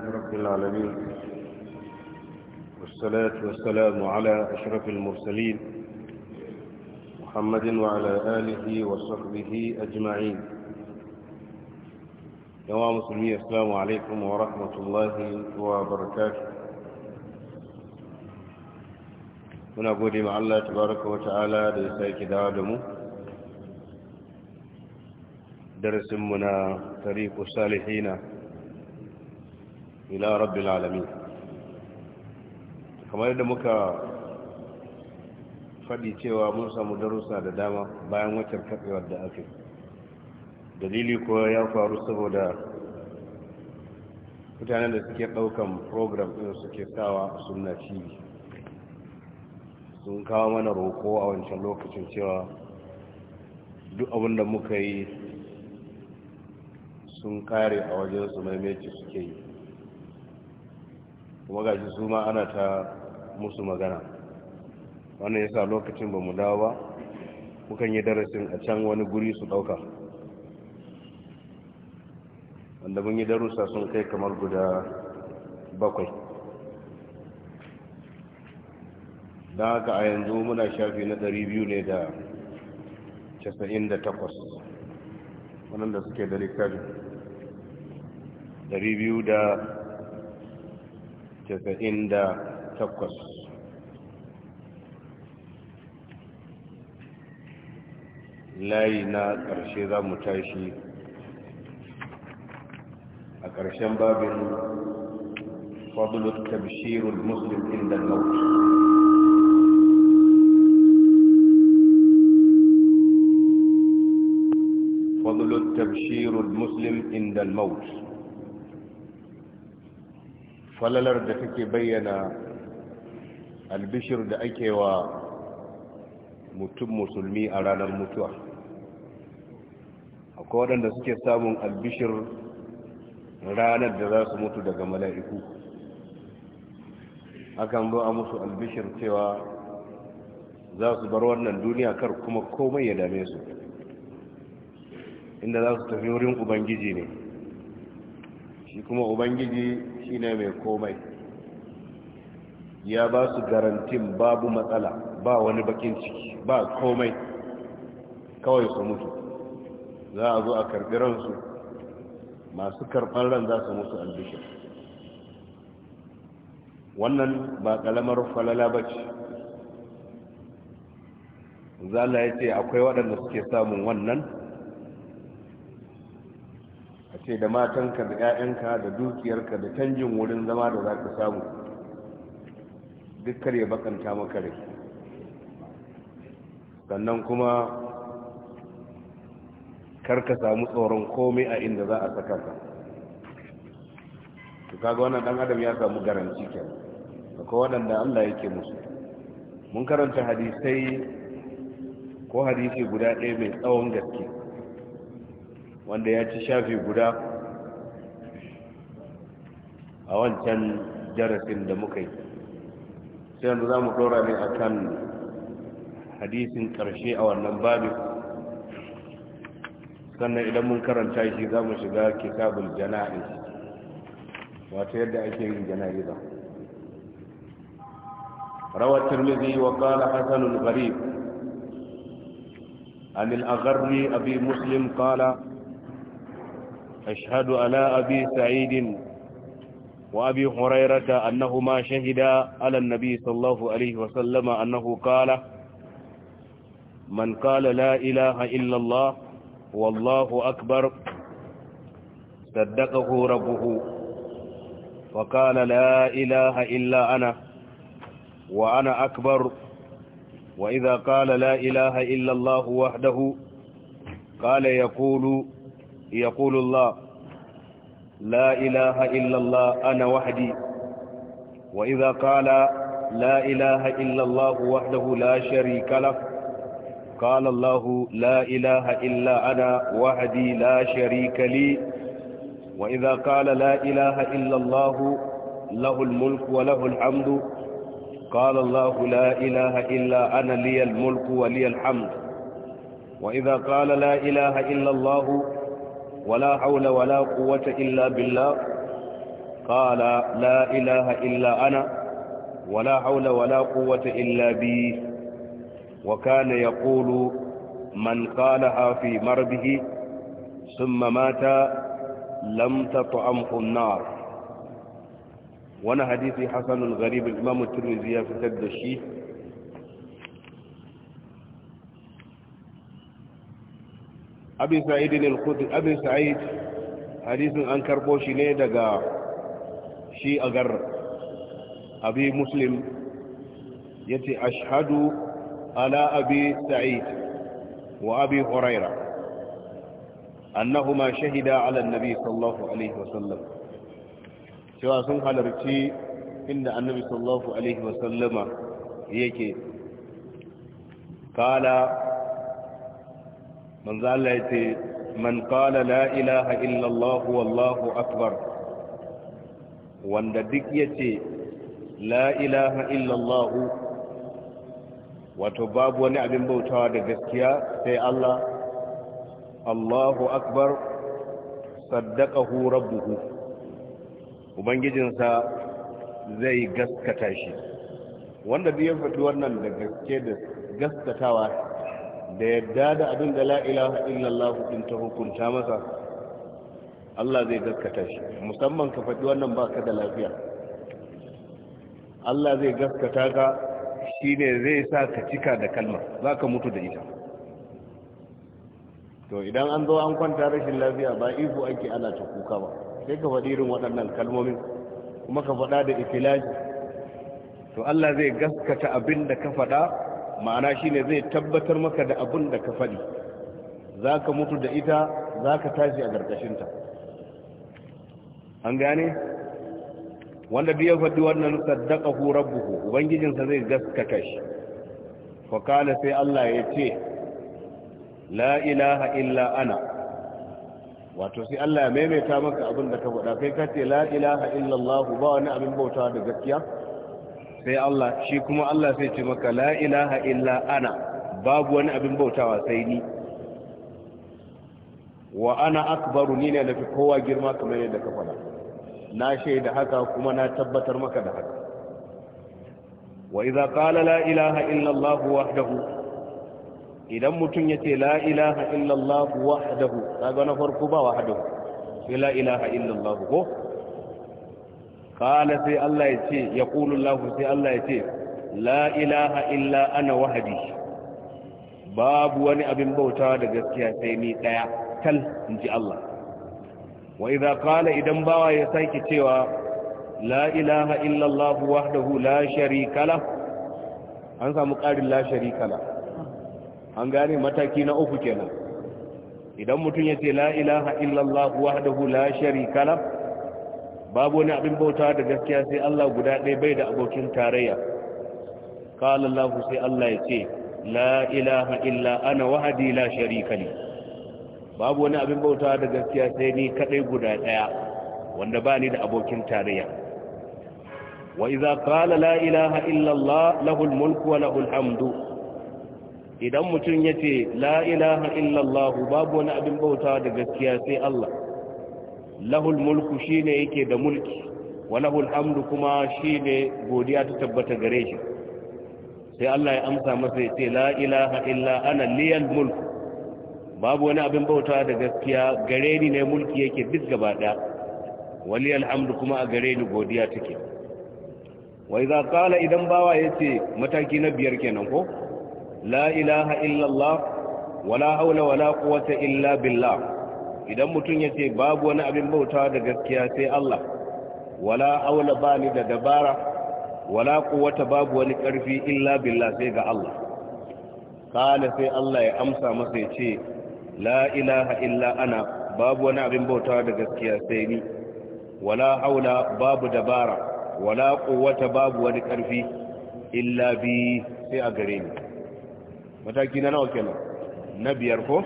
لله رب العالمين والصلاة والسلام على أشرف المرسلين محمد وعلى آله وصحبه أجمعين يا مسلمين السلام عليكم ورحمة الله وبركاته هنا أقول مع الله تبارك وتعالى ta'ala da درس منا طريق الصالحين ila rabbil alamin kamar da muka faɗi cewa mun samu darussa da dama bayan waccan katsewar da aka dalili ko ya faru saboda mutanen da suke ɗaukan program ɗin suke sawa suna cibi sun kawo mana roko a wancan lokacin cewa duk abin da muka yi sun kare a wajen su maimaici suke yi kuma gashi su ma ana ta musu magana wannan yasa lokacin ba mu dawo ba mukan yi darasin a can wani guri su ɗauka wanda mun yi darussa sun kai kamar guda bakwai don haka a yanzu muna shafi na 200 ne da 98 wadanda suke da littafi 200 da تسعند تقص لاينا ترشيدا متعشي أكرشان باب فضل التبشير المسلم عند الموت فضل التبشير المسلم عند الموت falalar da take bayyana albishir da ake wa mutum musulmi a ranar mutuwa akwai waɗanda suke samun albishir ranar da za su mutu daga mala'iku akan zo a musu albishir cewa za su bar wannan duniya kar kuma komai ya dame su inda za su tafi wurin ubangiji ne shi kuma ubangiji shine mai komai ya ba su garantin babu matsala ba wani bakin ciki ba komai kawai su mutu za a zo a karɓi ransu masu karɓar ran za su mutu albishir wannan ba kalamar falala ba ce zala ya ce akwai waɗanda suke samun wannan ce da matanka da 'ya'yanka da dukiyarka da canjin wurin zama da za ka samu duk ya bakanta maka rai sannan kuma karka samu tsoron komai a inda za a saka ka to kaga wannan dan adam ya samu garanci ke akwai wadanda Allah yake musu mun karanta hadisai ko hadisi guda ɗaya mai tsawon gaske wanda ya ci shafi guda a wancan darasin da muka yi sai yanzu za mu tsora ne a kan hadisin ƙarshe a wannan babin sannan idan mun karanta shi za mu shiga kitabul jana'iz wata yadda ake yin jana'iza rawar tirmidhi wa qala hasan al-gharib an abi muslim أشهد على أبي سعيد وأبي هريرة أنهما شهدا على النبي صلى الله عليه وسلم أنه قال من قال لا إله إلا الله والله أكبر صدقه ربه وقال لا إله إلا أنا وأنا أكبر وإذا قال لا إله إلا الله وحده قال يقول يقول الله لا إله إلا الله أنا وحدي وإذا قال لا إله إلا الله وحده لا شريك له قال الله لا إله إلا أنا وحدي لا شريك لي وإذا قال لا إله إلا الله له الملك وله الحمد قال الله لا إله إلا أنا لي الملك ولي الحمد وإذا قال لا إله إلا الله ولا حول ولا قوة إلا بالله قال لا إله إلا أنا ولا حول ولا قوة إلا بي وكان يقول من قالها في مربه ثم مات لم تطعمه النار وانا حديثي حسن الغريب الإمام الترمذي في الشيخ abi sa'id al-khudri abi sa'id hadisin an karbo shi ne daga shi agar abi muslim yace ashhadu ala abi sa'id wa abi huraira ma shahida ala annabi sallallahu alaihi wasallam cewa sun halarci inda annabi sallallahu alaihi wasallama yake kala manzo Allah ya ce man qala la ilaha illa Allah wallahu akbar wanda duk yace la ilaha illa Allah wato babu wani abin bautawa da gaskiya sai Allah Allahu akbar saddaqahu rabbuhu ubangijinsa zai gaskata shi wanda duk ya faɗi wannan da gaske da gaskatawa da yadda da abin da la'ilaha illallah din ta hukunta masa Allah zai gaskata shi musamman ka faɗi wannan baka da lafiya Allah zai gaskata ka shine zai sa ka cika da kalma za ka mutu da ita to idan an zo an kwanta rashin lafiya ba ihu ake ana ta kuka ba sai ka faɗi irin waɗannan kalmomin kuma ka faɗa da ifilaji to Allah zai gaskata abin da ka faɗa ma'ana shine zai tabbatar maka da abin da ka faɗi za ka mutu da ita za ka tashi a ƙarƙashinta an gane wanda biya faɗi wannan saddaka hu rabbuhu ubangijinsa zai gaskata shi fakala sai Allah ya ce la ilaha illa ana wato sai Allah ya maimaita maka abin da ka faɗa kai ka ce la ilaha illa Allah ba wani abin bauta da gaskiya sai Allah shi kuma Allah sai ce maka la ilaha illa ana babu wani abin bautawa sai ni wa ana akbaru ni ne nafi kowa girma kamar yadda ka faɗa na shaida haka kuma na tabbatar maka da haka wa idza qala la ilaha illa Allah wahdahu idan mutum yace la ilaha illa Allah wahdahu kaga na farko ba wahdahu sai la ilaha illa Allah ko qala sai Allah ya ce ya yaqulu Allah sai Allah ya ce la ilaha illa ana wahdi babu wani abin bauta da gaskiya sai ni ɗaya tal in ji Allah wa idza qala idan bawa ya sake cewa la ilaha illa Allah wahdahu la sharika la an samu ƙarin la sharika la an gane mataki na uku kenan idan mutum ya ce la ilaha illallah wahdahu la sharika la babu wani abin bauta da gaskiya sai Allah guda ɗaya bai da abokin tarayya qala Allah sai Allah ya ce la ilaha illa ana wahdi la sharika li babu wani abin bauta da gaskiya sai ni kadai guda ɗaya wanda ba ni da abokin tarayya wa idza qala la ilaha illa Allah lahul mulku wa lahul hamdu idan mutum yace la ilaha illa Allah babu wani abin bauta da gaskiya sai Allah lahul mulku shine yake da mulki wa lahul hamdu kuma shine godiya ta tabbata gare shi sai Allah ya amsa masa ya ce la ilaha illa ana liyal mulku babu wani abin bauta da gaskiya gare ni ne mulki yake duk gaba daya waliyal hamdu kuma a gare ni godiya take wai za idan bawa yace ce mataki na biyar kenan ko la ilaha illallah wala haula wala quwwata illa billah idan mutum ya ce babu wani abin bautawa da gaskiya sai Allah wala aula bani da dabara wala quwwata babu wani ƙarfi illa billah sai ga Allah kana sai Allah ya amsa masa ya ce la ilaha illa ana babu wani abin bautawa da gaskiya sai ni wala haula babu dabara wala quwwata babu wani ƙarfi illa bi sai a gare ni mataki na nawa kenan na biyar ko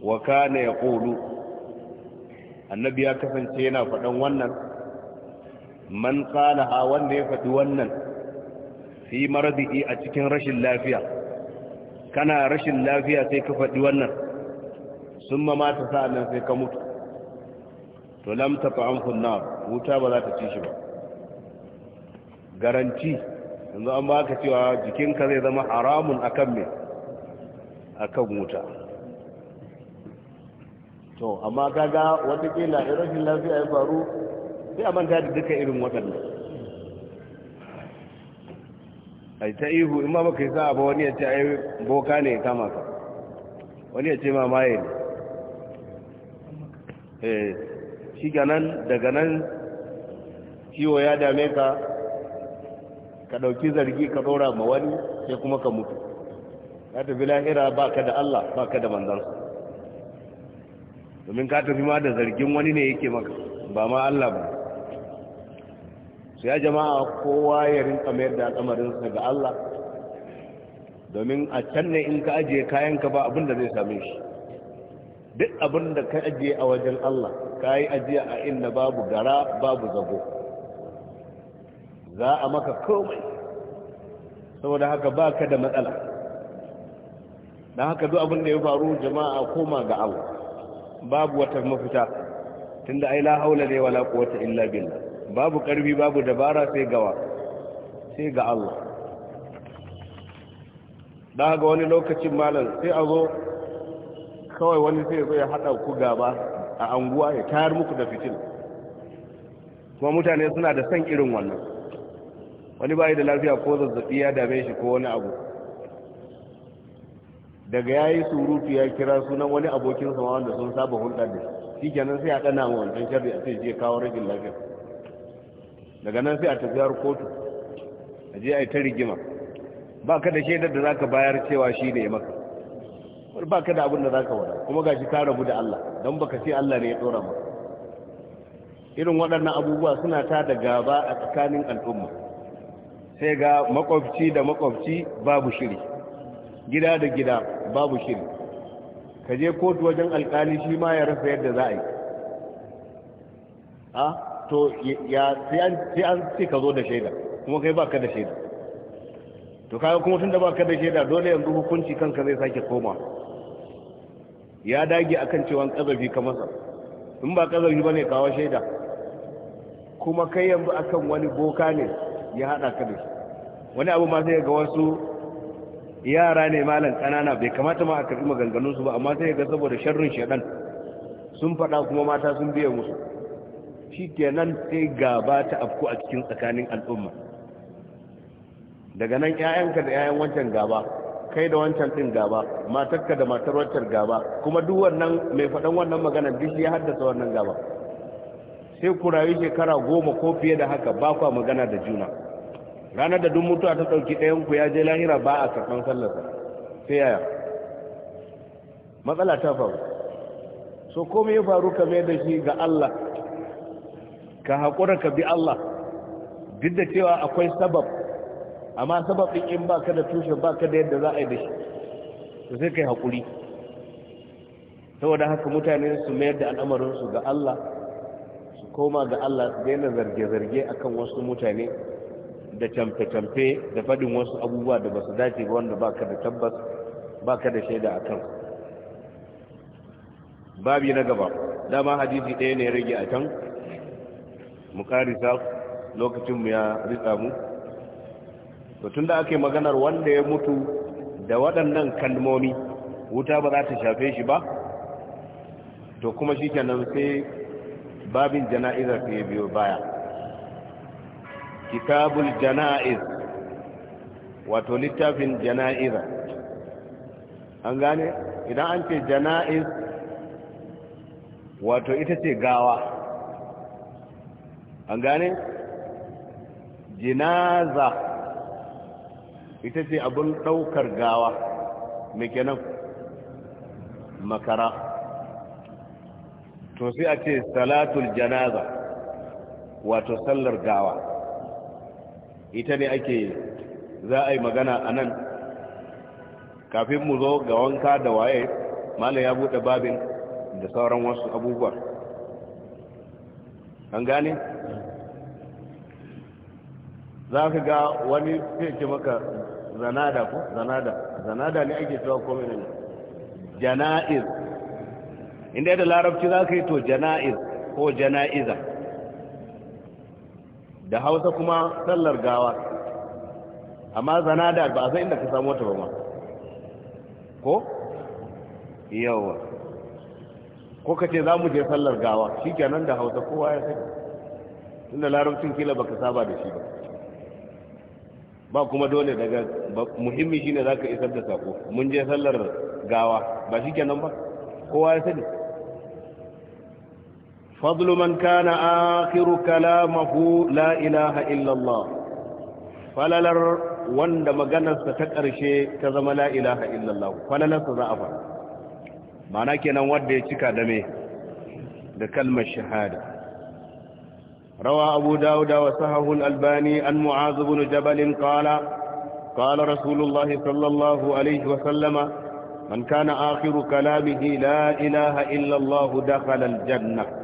wa kana yaqulu annabi ya kasance yana faɗan wannan man qalaha wanda ya faɗi wannan fi maradi'i a cikin rashin lafiya kana rashin lafiya sai ka faɗi wannan summa mata sa'annan sai ka mutu to lam tafa'an kunnar wuta ba za ta ci shi ba garanti yanzu an ba ka cewa jikinka zai zama haramun akan me akan wuta to amma kaga watakila in rashin lafiya ya faru sai a manta da duka irin waɗannan ai ta ihu in ma baka yi sa'a ba wani ya ce ai boka ne ya kama ka wani ya ce ma maye ne eh, shi ganan daga nan ciwo ya dame ka ka ɗauki zargi ka ɗora ma wani sai kuma ka mutu ya tafi lahira ba ka da Allah ba ka da manzansa domin ka tafi ma da zargin wani ne yake maka ba ma Allah ba su ya jama'a kowa ya rinka mayar da al'amarinsa ga Allah domin a can ne in ka ajiye kayanka ba abin da zai same shi duk abinda ka ajiye a wajen Allah ka yi ajiya a inda babu gara babu zago za a maka komai saboda haka ba ka da matsala don haka duk abinda ya faru jama'a koma ga Allah babu wata mafita tunda ai la haula ne wala quwwata illa billah babu karbi babu dabara sai gawa sai ga Allah da ga wani lokacin malam sai a zo kawai wani sai zo ya hada ku gaba a anguwa ya tayar muku da fitil kuma mutane suna da san irin wannan wani bai da lafiya ko zazzabi ya dame shi ko wani abu daga ya yi surutu ya kira sunan wani abokin sama wanda sun saba hulɗar da shi kenan sai a ɗana ma wancan shari'a sai je kawo rajin lafiya daga nan sai a tafiyar kotu a je a yi ta rigima ba ka da shaidar da za ka bayar cewa shi ne maka wani ba ka da abin da za ka wada kuma ga shi ka rabu da Allah don baka ce Allah ne ya tsora maka irin waɗannan abubuwa suna ta da gaba a tsakanin al'umma sai ga makwabci da makwabci babu shiri gida da gida babu shiri ka je kotu wajen alkali shi ma ya rasa yadda za a yi a ah, to ya sai an ce ka zo da shaida kuma kai ba ka da shaida to kaga kuma tun da ba ka da shaida dole yanzu hukunci kanka zai sake koma ya dage akan cewa kazafi ka masa in ba kazafi ne kawo shaida kuma kai yanzu akan wani boka ne ya hada ka da shi wani abu ma sai ga wasu yara ne malam kanana bai kamata ma a karbi maganganun su ba amma sai ga saboda sharrin shedan sun faɗa kuma mata sun biya musu shikenan sai gaba ta afku a cikin tsakanin al'umma daga nan ƴaƴanka da ƴaƴan wancan gaba kai da wancan din gaba matarka da matar wancan gaba kuma duk wannan mai faɗan wannan magana duk ya haddasa wannan gaba sai ku rayu shekara goma ko fiye da haka ba kwa magana da juna ranar da duk mutuwa ta ɗauki ɗayanku ya je lahira ba a karɓar sallarsa sai yaya matsala ta faru so komai ya faru ka mai da shi ga Allah ka haƙura ka bi Allah duk da cewa akwai sabab amma sababin in ba ka da tushe ba ka da yadda za a yi da shi to sai ka yi haƙuri saboda haka mutane su mayar da al'amarinsu ga Allah su koma ga Allah su daina zarge-zarge akan wasu mutane da camfe-camfe da faɗin wasu abubuwa da ba su dace ba wanda baka da tabbas baka da shaida a kan na gaba dama hadisi ɗaya ne rage a can mu karisa lokacinmu ya ritsa mu tun da ake maganar wanda ya mutu da waɗannan kalmomi wuta ba za ta shafe shi ba to kuma shi kenan sai babin jana'izar ya biyo baya kitabul jana'iz wato littafin jana'iza an gane idan an ce jana'iz wato ita ce gawa an gane jinaza ita ce abin ɗaukar gawa mai kenan makara to sai a ce salatul janaza wato sallar gawa ita ne ake za a yi magana a nan kafin mu zo ga wanka da waye malam ya buɗe babin da sauran wasu abubuwa an gane za ka ga wani fiye maka zanada ko zanada zanada ne ake cewa komai ne jana'iz inda da larabci za ka yi to jana'iz ko jana'iza da hausa kuma sallar gawa amma zanada ba a san inda ka samu wata ba ma ko yawa ko ka ce za mu je sallar gawa shi kenan da hausa kowa ya sani tunda larabcin kila baka saba da shi ba ba kuma dole daga muhimmi shine zaka isar da sako mun je sallar gawa ba shi kenan ba kowa ya sani فضل من كان آخر كلامه لا إله إلا الله فللر وند مغنس تكرشي كزم لا إله إلا الله فللر تزعف معنى كنا ود يتكى دمي لكلمة الشهادة روى أبو داود وسهه الألباني أن معاذ بن جبل قال قال رسول الله صلى الله عليه وسلم من كان آخر كلامه لا إله إلا الله دخل الجنة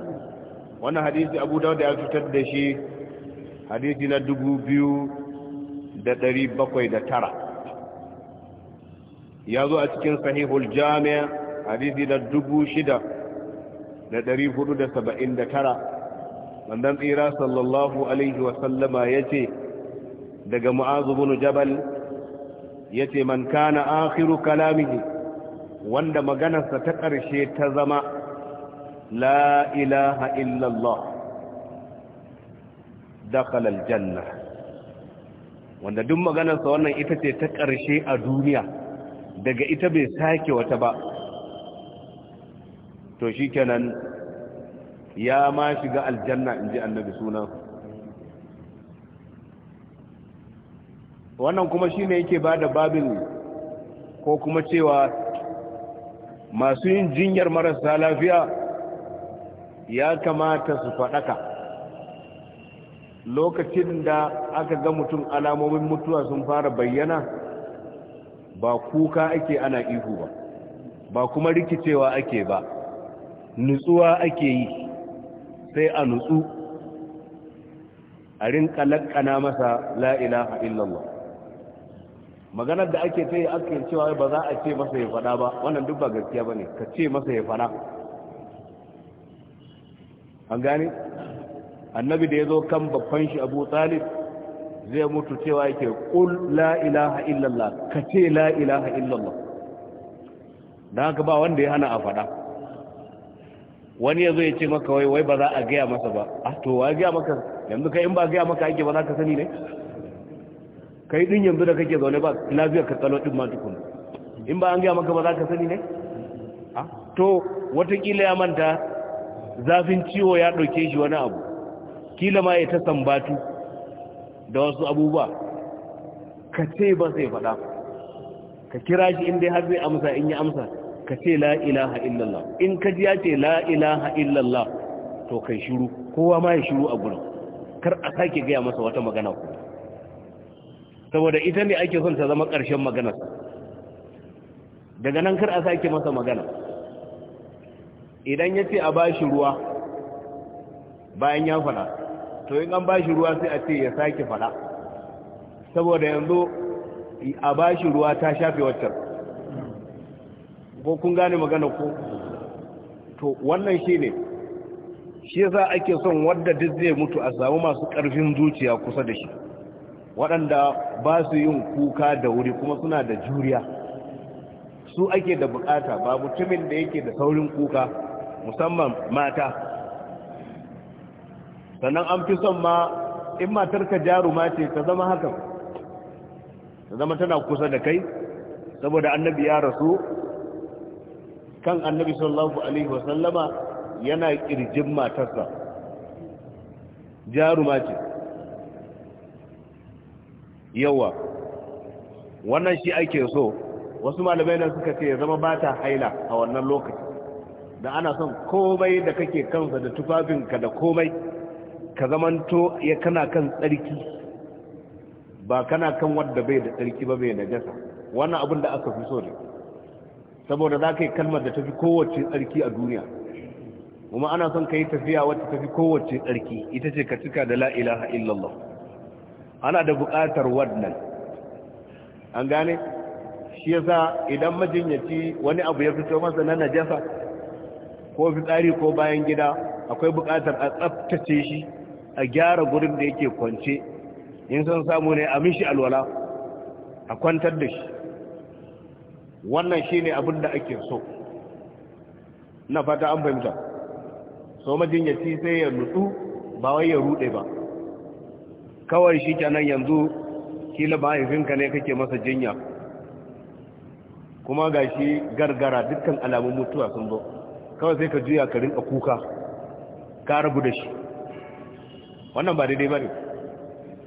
wannan hadisi abu dawud ya fitar da shi hadisi na dubu biyu da ɗari bakwai da tara ya zo a cikin sahihul jami'a hadisi na dubu shida da ɗari hudu da saba'in da tara mandan tsira sallallahu alaihi wasallama ya ce daga mu'azu bin jabal ya ce man kana akhiru kalamihi wanda maganarsa ta ƙarshe ta zama la ilaha illallah دخل aljanna wanda duk maganarsa wannan ita ce ta ƙarshe a duniya daga ita bai sake wata ba to shikenan ya ma shiga aljanna in ji annabi sunan wannan kuma shi ne yake ba da babin ko kuma cewa masu yin jinyar marasa lafiya ya kamata su faɗaka lokacin da aka ga mutum alamomin mutuwa sun fara bayyana ba kuka ake ana ihu ba ba kuma rikicewa ake ba nutsuwa ake yi sai a nutsu a rinka lakana masa la'ilaha illallah maganar da ake ta yi ake cewa ba za a ce masa ya faɗa ba wannan duk ba gaskiya ba ne ka ce masa ya faɗa an gane annabi da ya zo kan babban shi abu talib zai mutu cewa yake ƙul la'ilaha illallah ka ce la'ilaha illallah don haka ba wanda ya hana a faɗa wani ya zo ya ce maka wai wai ba za a gaya masa ba a ah, to wa gaya maka yanzu kai in ba gaya maka ake ba za ka sani ne kai din yanzu da kake zaune ba lafiya ka tsalo din ma tukun in ba an gaya maka ba za ka sani ne ah, to watakila ya manta zafin ciwo ya ɗauke shi wani abu kila ma ya ta sambatu da wasu abubuwa ka ce ba sai faɗa ka kira shi inda har zai amsa in ya amsa ka ce la ilaha illallah in ka ji ya ce la ilaha illallah to kai shiru kowa ma ya shiru a gurin kar a sake gaya masa wata magana ku saboda ita ne ake son ta zama ƙarshen maganarsa daga nan kar a sake masa magana idan ya ce a ba shi ruwa bayan ya fada to in an ba shi ruwa sai a ce ya sake fada saboda yanzu a ba shi ruwa ta shafe waccan ko kun gane magana ko to wannan shi ne shi a ake son wadda duk zai mutu a samu masu ƙarfin zuciya kusa da shi waɗanda ba su yin kuka da wuri kuma suna da juriya su ake da bukata ba mutumin da yake da saurin kuka musamman mata sannan an fi son ma in matar ka jaru mace ta zama hakan ta zama tana kusa da kai saboda annabi ya rasu kan annabi sallallahu alaihi wasallama yana kirjin matarsa jaru mace yawa wannan shi ake so wasu malamai suka ce zama ba ta haila a wannan lokaci da ana son komai da kake kansa da tufafinka da komai ka zamanto ya kana kan tsarki ba kana kan wadda bai da tsarki ba bai najasa wannan abin da aka fi so ne saboda za ka yi kalmar da tafi kowace tsarki a duniya kuma ana son ka yi tafiya wacce tafi kowace tsarki ita ce ka cika da la'ilaha illallah ana da buƙatar wannan an gane shi yasa idan majinyaci wani abu ya fito masa na najasa ko fitsari ko bayan gida akwai buƙatar a tsaftace shi a gyara gurin da yake kwance in sun samu ne a mishi alwala a kwantar da shi wannan shi ne abin da ake so na fata an fahimta so majinyaci sai ya nutsu ba wai ya rude ba kawai shi kenan yanzu kila mahaifinka ne kake masa jinya kuma ga shi gargara dukkan alamun mutuwa sun zo kawai sai ka juya ka rinka kuka ka rabu da shi wannan ba daidai ba ne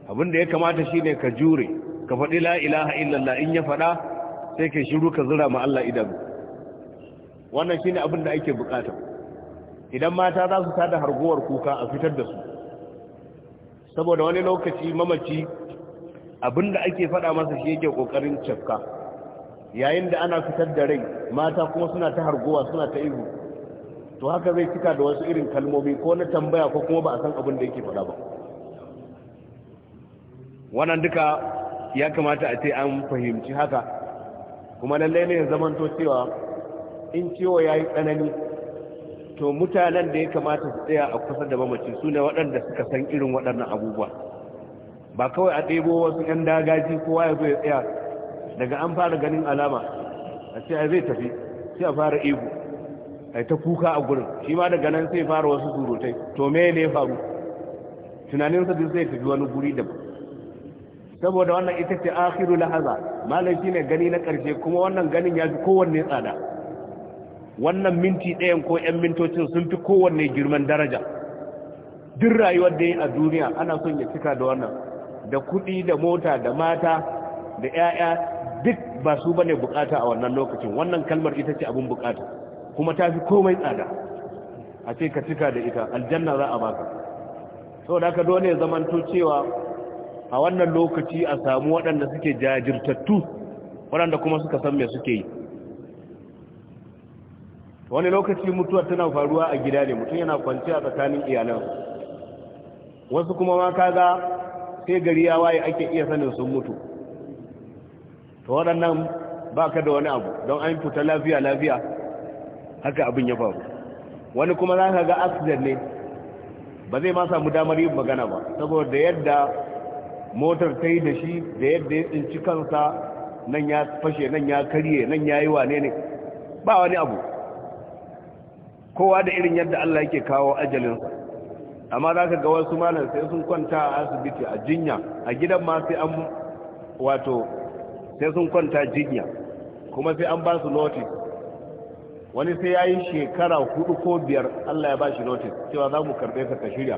abinda ya kamata shi ne ka jure ka faɗi la'ilaha illallah in ya faɗa sai ka shiru ka zura ma Allah idanu wannan shi ne abinda ake bukata idan mata za su tada harguwar kuka a fitar da su saboda wani lokaci mamaci abinda ake faɗa masa shi yake ƙoƙarin cafka yayin da ana fitar da rai mata kuma suna ta harguwa suna ta ihu to haka zai cika da wasu irin kalmomi ko na tambaya ko kuma ba a san abin da yake faɗa ba wannan duka ya kamata a ce an fahimci haka kuma lallai ne zamanta cewa in cewa ya yi tsanani to mutanen da ya kamata su tsaya a kusa da mamaci su ne waɗanda suka san irin waɗannan abubuwa ba kawai a ɗebo wasu ‘yan dagaji kowa ya zo ya tsaya daga an fara ganin alama a ce a zai tafi sai a fara ihu ai ta kuka a gurin shi ma daga nan sai fara wasu surutai to me ne faru tunaninsa duk zai tafi wani guri da saboda wannan ita ce akhiru lahaza malam shine gani na karshe kuma wannan ganin ya fi kowanne tsada wannan minti ɗayan ko 'yan mintocin sun fi kowanne girman daraja duk rayuwar da yi a duniya ana son ya cika da wannan da kuɗi da mota da mata da 'ya'ya duk ba su bane bukata a wannan lokacin wannan kalmar ita ce abin bukata kuma ta fi komai tsada a ce ka cika da ita aljanna za a baka saboda haka dole ya zamanto cewa a wannan lokaci a samu waɗanda suke jajirtattu waɗanda kuma suka san me suke yi wani lokaci mutuwa tana faruwa a gida ne mutum yana kwanci a tsakanin iyalan wasu kuma ma kaga sai gari ya waye ake iya sanin sun mutu to waɗannan ba ka da wani abu don an fita lafiya lafiya haka abin ya faru wani kuma za ka ga accident ne ba zai ma samu damar yin magana ba saboda yadda motar ta yi da shi da yadda ya tsinci kansa nan ya fashe nan ya karye nan ya yi wane ne ba wani abu kowa da irin yadda Allah yake kawo ajalinsa amma za ka ga wasu malar sai sun kwanta a asibiti a jinya a gidan ma sai an wato sai sun kwanta jinya kuma sai an ba su notice wani sai ya yi shekara hudu ko biyar allah ya ba shi notis cewa za mu karɓe ka ka shirya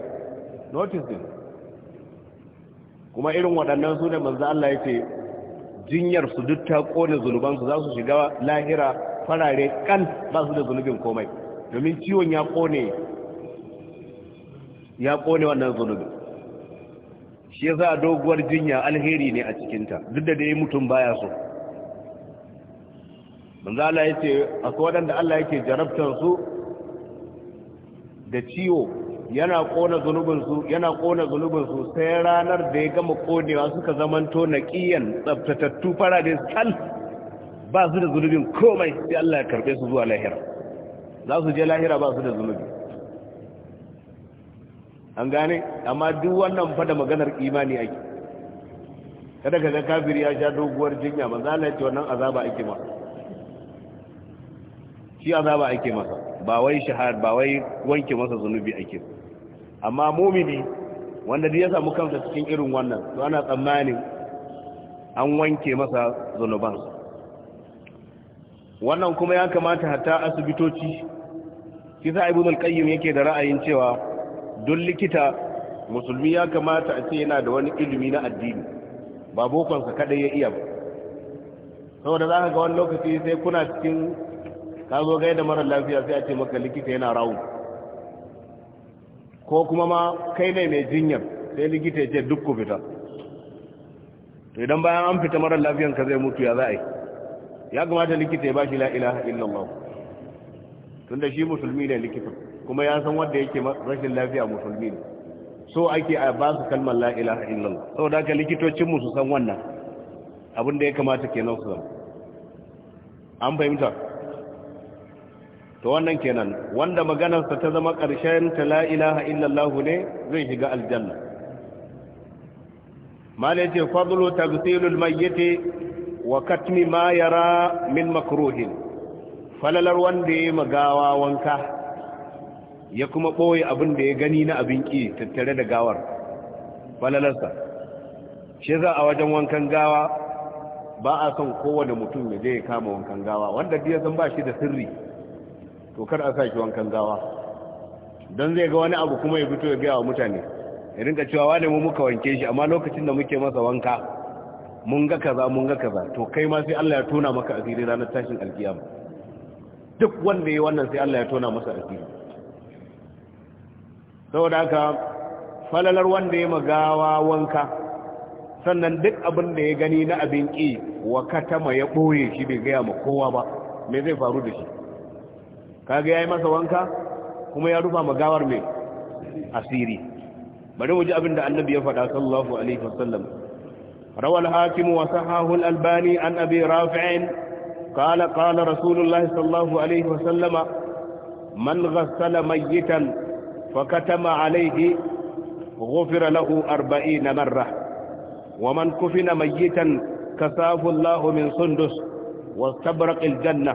notis din kuma irin waɗannan su ne manzan allah ya ce jinyar su duk ta kone zunubansu za su shiga lahira farare kan ba su da zunubin komai domin ciwon ya kone ya kone wannan zunubin shi ya a doguwar jinya alheri ne a cikinta duk da dai mutum baya so manzo Allah yace akwai wanda Allah yake jarabtar su da ciwo yana kona zunubin su yana kona zunubin su sai ranar da ya gama konewa suka zamanto naqiyan tsaftatattu farade sal ba su da zunubin komai sai Allah ya karbe su zuwa lahira za su je lahira ba su da zunubi an gane amma duk wannan fa da maganar imani ake kada ka ga kafiri ya sha doguwar jinya manzo Allah yace wannan azaba ake masa shi azaba ake masa ba wai shahad ba wai wanke masa zunubi ake amma mumini wanda da ya samu kansa cikin irin wannan to ana tsammanin an wanke masa zunuban. wannan kuma ya kamata hatta asibitoci kisa ibn al-qayyim yake da ra'ayin cewa duk likita musulmi ya kamata a ce yana da wani ilimi na addini ba bokonsa kaɗai ya iya ba saboda za ka ga wani lokaci sai kuna cikin ka zo gai da mara lafiya sai a ce maka likita yana rawu ko kuma ma kai ne mai jinyar sai likita ya ce duk ku fita to idan bayan an fita mara lafiyan ka zai mutu ya za a yi ya kamata likita ya bashi la ilaha illallah da shi musulmi ne likita kuma ya san wanda yake rashin lafiya musulmi ne so ake a ba su kalmar la ilaha illallah saboda haka likitocin musu su san wannan abin da ya kamata kenan su zama an fahimta to wannan kenan wanda maganarsa ta zama ƙarshen ta la ilaha ne zai shiga aljanna mala yace fadlu tagsilul mayyit wa katmi ma yara min makruhin falalar wanda ya magawa wanka ya kuma boye abin da ya gani na abin ki tattare da gawar falalarsa shi za a wajen wankan gawa ba a son kowane mutum ya je ya kama wankan gawa wanda biya san ba shi da sirri to kar a sa ki wankan gawa don zai ga wani abu kuma ya fito ya gaya wa mutane ya rinka cewa wane mu muka wanke shi amma lokacin da muke masa wanka mun ga kaza mun ga kaza to kai ma sai Allah ya tona maka asiri ranar tashin alkiyama duk wanda yayi wannan sai Allah ya tona masa asiri saboda haka falalar wanda ya magawa wanka sannan duk abin da ya gani na abin ki wa katama ya boye shi bai gaya ma kowa ba me zai faru da shi kage yayi masa wanka kuma ya rufa magawar mai asiri bari mu ji abin da annabi ya faɗa sallallahu alaihi wasallam rawa al-hakim wa sahahu al-albani an abi rafi' qala qala rasulullahi sallallahu alaihi wasallama man ghassala mayyitan fa katama alaihi غفر له أربعين مرة ومن كفن ميتا كساف الله من صندس واستبرق الجنة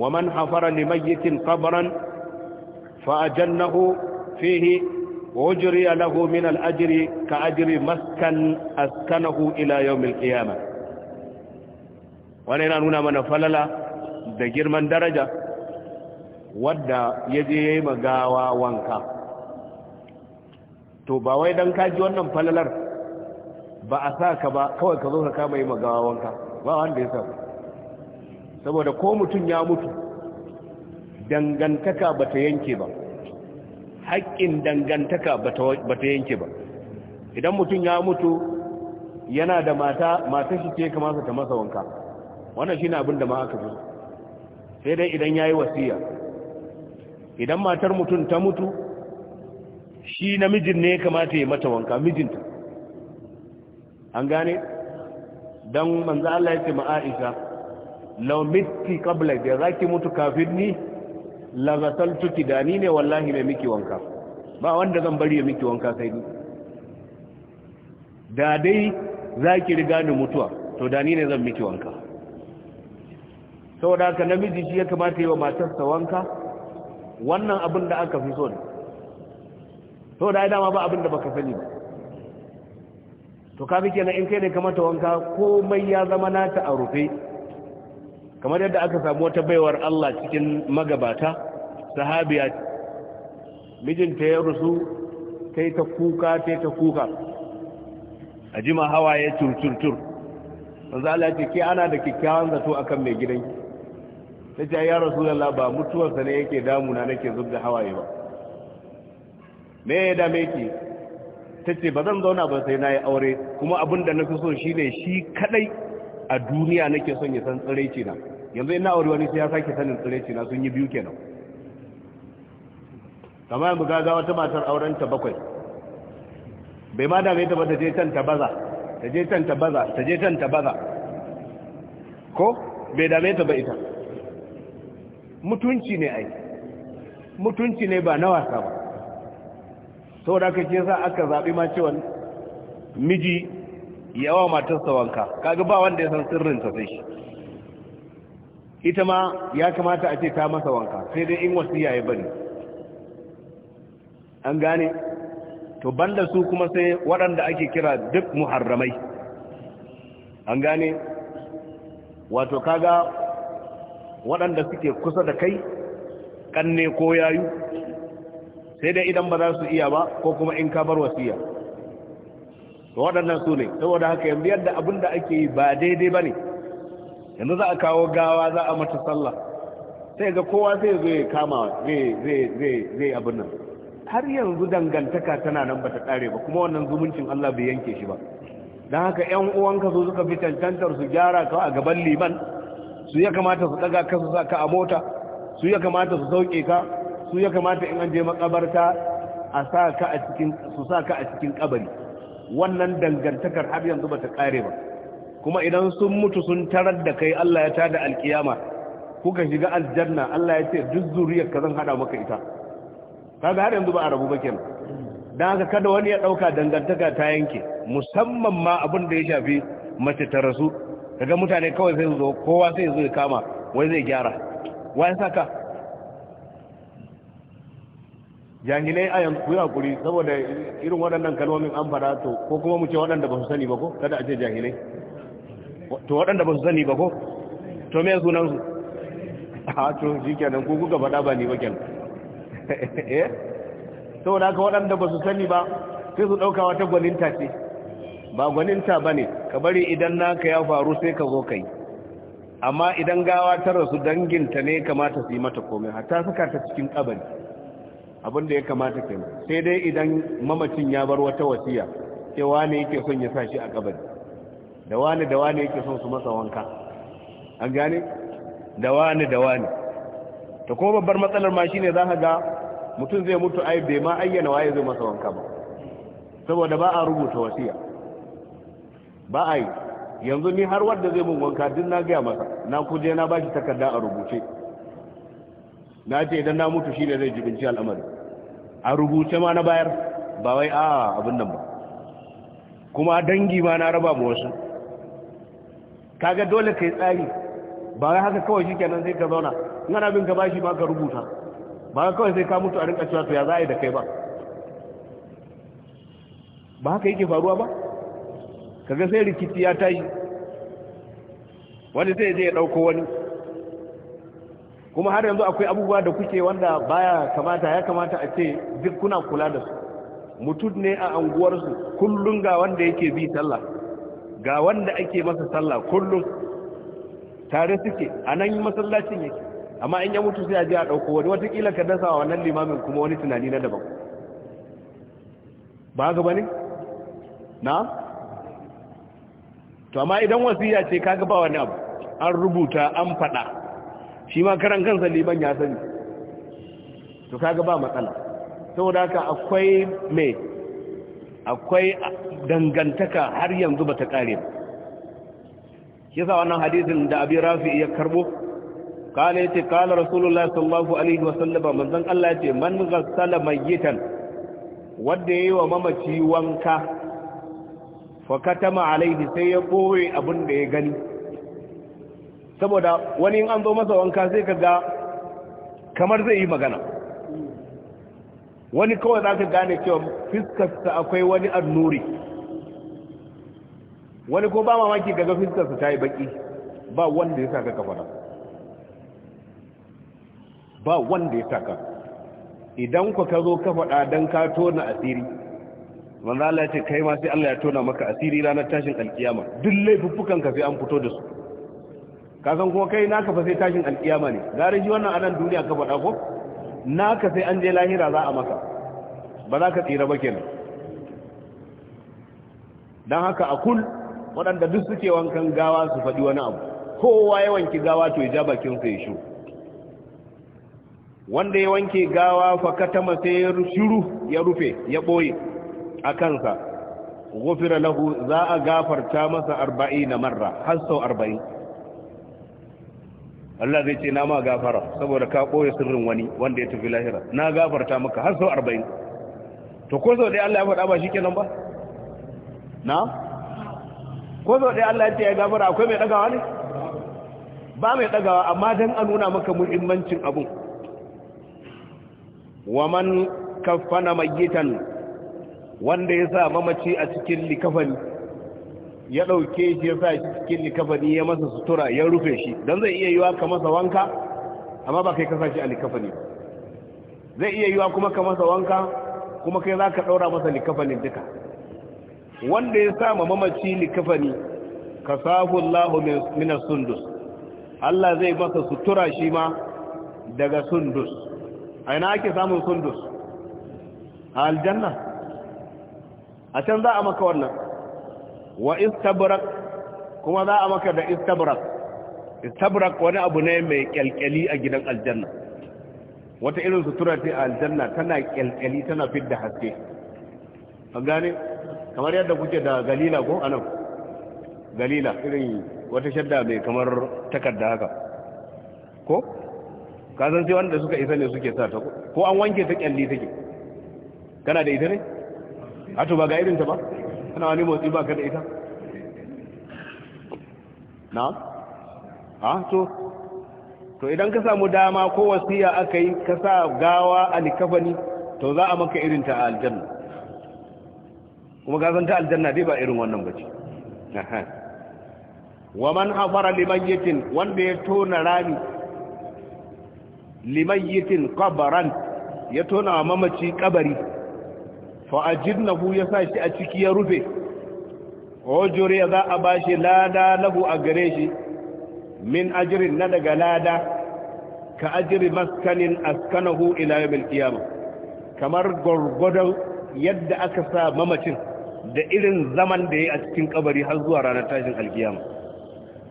ومن حفر لميت قبرا فأجنه فيه وأجري له من الأجر كأجر مسكن أسكنه إلى يوم القيامة ولنا نونا من فللا دجير من درجة ودى يجي مقاوى وانكا توباوي دنكا جوانا فللر ba a sa ka ba kawai ka zo ka kama yi magawa wanka ba wanda ya sa saboda ko mutum ya mutu dangantaka ba ta yanke ba haƙƙin dangantaka ba ta yanke ba idan mutum ya mutu yana da mata mata shi ce kamata ta masa wanka wannan shi ne abin da ma aka fi sai dai idan ya yi wasiya idan matar mutum ta mutu shi namijin ne kamata ya mata wanka mijinta an gane don manzo Allah ya ce ma Aisha law mitti qabla da zaki mutu kafin ni la ghasaltu kidani ne wallahi ne miki wanka ba wanda zan bari ya miki wanka sai ni da dai zaki riga ni mutuwa to dani ne zan miki wanka saboda haka namiji shi ya kamata yi wa matarsa wanka wannan abin da aka fi so ne saboda ai dama ba abin da baka sani ba to ka fi kenan in kai ne kamata wanka komai ya zama nata a rufe kamar yadda aka samu wata baiwar Allah cikin magabata sahabiya mijinta ya rusu ta yi ta kuka ta yi ta kuka a jima ya turturtur wanzu Allah ce ke ana da kyakkyawan zato akan mai gidan ta ce ya rasu lalla ba mutuwarsa ne yake damuna nake zub da hawaye ba me ya dame ki ta ce ba zan zauna ba sai na yi aure kuma abin da na fi so shi ne shi kadai a duniya nake son ya san ce na yanzu ina auri wani sai ya sake sanin tsireci na sun yi biyu kenan kamar yanzu gaga wata matar auren ta bakwai bai ma dame ta ba ta je can ta baza ta je can ta baza ta je can ta baza ko bai dame ta ba ita mutunci ne ai mutunci ne ba na wasa ba saboda aka ce sa aka zaɓi ma cewa miji yawa matarsa wanka kaga ba wanda ya san ta sai shi ita ma ya kamata a ce ta masa wanka sai dai in wasiya ya bari an gane to banda su kuma sai waɗanda ake kira duk muharramai an gane wato kaga waɗanda suke kusa da kai ƙanne ko yayu sai dai idan ba za su iya ba ko kuma in ka bar wasiya to waɗannan su ne saboda haka yanzu yadda abinda ake yi ba daidai ba ne yanzu za a kawo gawa za a mata sallah sai ga kowa sai zai kama zai abin nan har yanzu dangantaka tana nan bata kare ba kuma wannan zumuncin Allah bai yanke shi ba don haka yan uwanka su suka fi cancantar su gyara ka a gaban liman su ya kamata su daga ka su saka a mota su ya kamata su sauke ka su ya kamata in an je makabarta a sa ka a cikin su sa ka a cikin kabari wannan dangantakar har yanzu bata kare ba kuma idan sun mutu sun tarar da kai Allah ya tada alkiyama kuka shiga aljanna Allah ya ce duk zuriyar ka zan hada maka ita kaga har yanzu ba a rabu ba kenan dan haka kada wani ya dauka dangantaka ta yanke musamman ma abin da ya shafi mace ta rasu kaga mutane kawai sai su zo kowa sai zo kama wai zai gyara wai saka jahilai a yanzu ya kuri saboda irin waɗannan kalmomin an fara to ko kuma mu ce waɗanda ba su sani ba ko kada a ce jahilai to waɗanda ba su sani ba ko to me sunansu. su a ah, to shi kenan ko kuka faɗa ba ni ba kenan eh da ka waɗanda ba su sani ba sai su ɗauka wata gwaninta ce ba gwaninta ba ne ka bari idan naka ya faru sai ka zo kai. amma idan gawa ta rasu danginta ne kamata su yi mata komai hatta suka ta cikin ƙabari abin da ya kamata kenan sai dai idan mamacin ya bar wata wasiya cewa ne yake son ya sa shi a ƙabari da wani da wani yake son su masa wanka an gane da wani da wani ta ko babbar matsalar ma shine za ka ga mutum zai mutu ai bai ma ayyana waye zai masa wanka ba saboda ba a rubuta wasiya ba a yi yanzu ni har wadda zai mun wanka din na gaya masa na kuje na baki takarda a rubuce na ce idan na mutu shine zai jibinci al'amari a rubuce ma na bayar ba wai a abin nan ba kuma dangi ma na raba ma wasu kaga dole kai tsari ba wai haka kawai shikenan sai ka zauna in ana bin ka bashi ma ka rubuta ba kawai sai ka mutu a rinka cewa to ya za a yi da kai ba ba haka yake faruwa ba kaga sai rikici ya tashi wani sai zai dauko wani kuma har yanzu akwai abubuwa da kuke wanda baya kamata ya kamata a ce duk kuna kula da su mutum ne a anguwarsu kullum ga wanda yake bi sallah ga wanda ake masa sallah kullum tare suke a nan masallacin yake amma in ya mutu sai a ji a ɗauko wani watakila ka dasa wa wannan limamin kuma wani tunani na daban ba gaba bane na? to amma idan wasiya ce kaga ba wani abu an rubuta an faɗa shi ma karan kansa liman ya sani to kaga ba matsala saboda haka akwai mai akwai dangantaka har yanzu bata kare ba yasa wannan hadisin da abi rafi ya karbo kala yace kala rasulullahi sallallahu alaihi wasallam manzon Allah yace man ghassala mayitan wanda yayi wa mamaci wanka fa katama alaihi sai ya boye abin da ya gani saboda wani in an zo masa wanka sai ka ga, kamar zai yi magana wani kawai za ka gane cewa fiskarsa akwai wani annuri wani ko ba mamaki daga fiskarsa ta yi baki ba wanda ya saka kafara ba wanda ya saka idan ku ka zo ka faɗa ka tona asiri wanda Allah ya ce kai ma sai Allah ya tona maka asiri ranar tashin alkiyama duk laifuffukan ka sai an fito da su kasan kuma kai naka fa sai tashin alkiyama ne gare shi wannan anan duniya ka faɗa ko naka sai an je lahira za a maka ba za ka tsira ba kenan don haka a kul waɗanda duk suke wankan gawa su faɗi wani abu kowa ya wanki gawa to ya ja bakinsa ya shu wanda ya wanke gawa fakatama sai ya shiru ya rufe ya ɓoye a kansa gufira lahu za a gafarta masa arba'i na marra har sau arba'in Allah zai ce na ma gafara saboda ka ɓoye sirrin wani wanda ya tafi lahira na gafarta maka har sau arba'in to ko sau ɗaya Allah ya faɗa ba shi kenan ba na ko sau ɗaya Allah ya ce ya gafara akwai mai ɗagawa ne ba mai ɗagawa amma don a nuna maka muhimmancin abin man kafana magitan wanda ya sa mamaci a cikin likafani ya ɗauke shi ya sa shi cikin likafani ya masa sutura ya rufe shi don zai iya yiwa ka masa wanka amma ba kai ka sa shi a likafani zai iya yiwa kuma ka masa wanka kuma kai za ka ɗaura masa likafani duka wanda ya sa ma mamaci likafani ka sahu Allahu minas sundus Allah zai masa sutura shi ma daga sundus a ina ake samun sundus a aljanna a can za a maka wannan wa istabrak kuma za a maka da istabrak istabrak wani abu ne mai kyalkyali a gidan aljanna wata irin sutura ce a aljanna tana kyalkyali tana fidda haske a gane kamar yadda kuke da galila ko anan galila irin wata shadda mai kamar takarda haka ko kasance wanda suka isa ne suke sa ta ko an wanke ta kyalli take kana da ita ne? to ba ga irinta ba? kana wani motsi ba ka da ita na ha to to idan ka samu dama ko wasiya aka yi ka sa gawa a likafani to za a maka irin ta aljanna kuma gazan ta aljanna dai ba irin wannan bace wa man hafara limayyitin wanda ya tona rami limayyitin qabran ya tona mamaci kabari hu ya sa shi a ciki ya rufe wajure za a ba shi lada lahu a gare shi min ajirin na daga lada ka ajiri maskanin askanahu ila yawon milkiyama, kamar gwargwadon yadda aka sa mamacin da irin zaman da ya a cikin kabari har zuwa ranar tashin alkiyama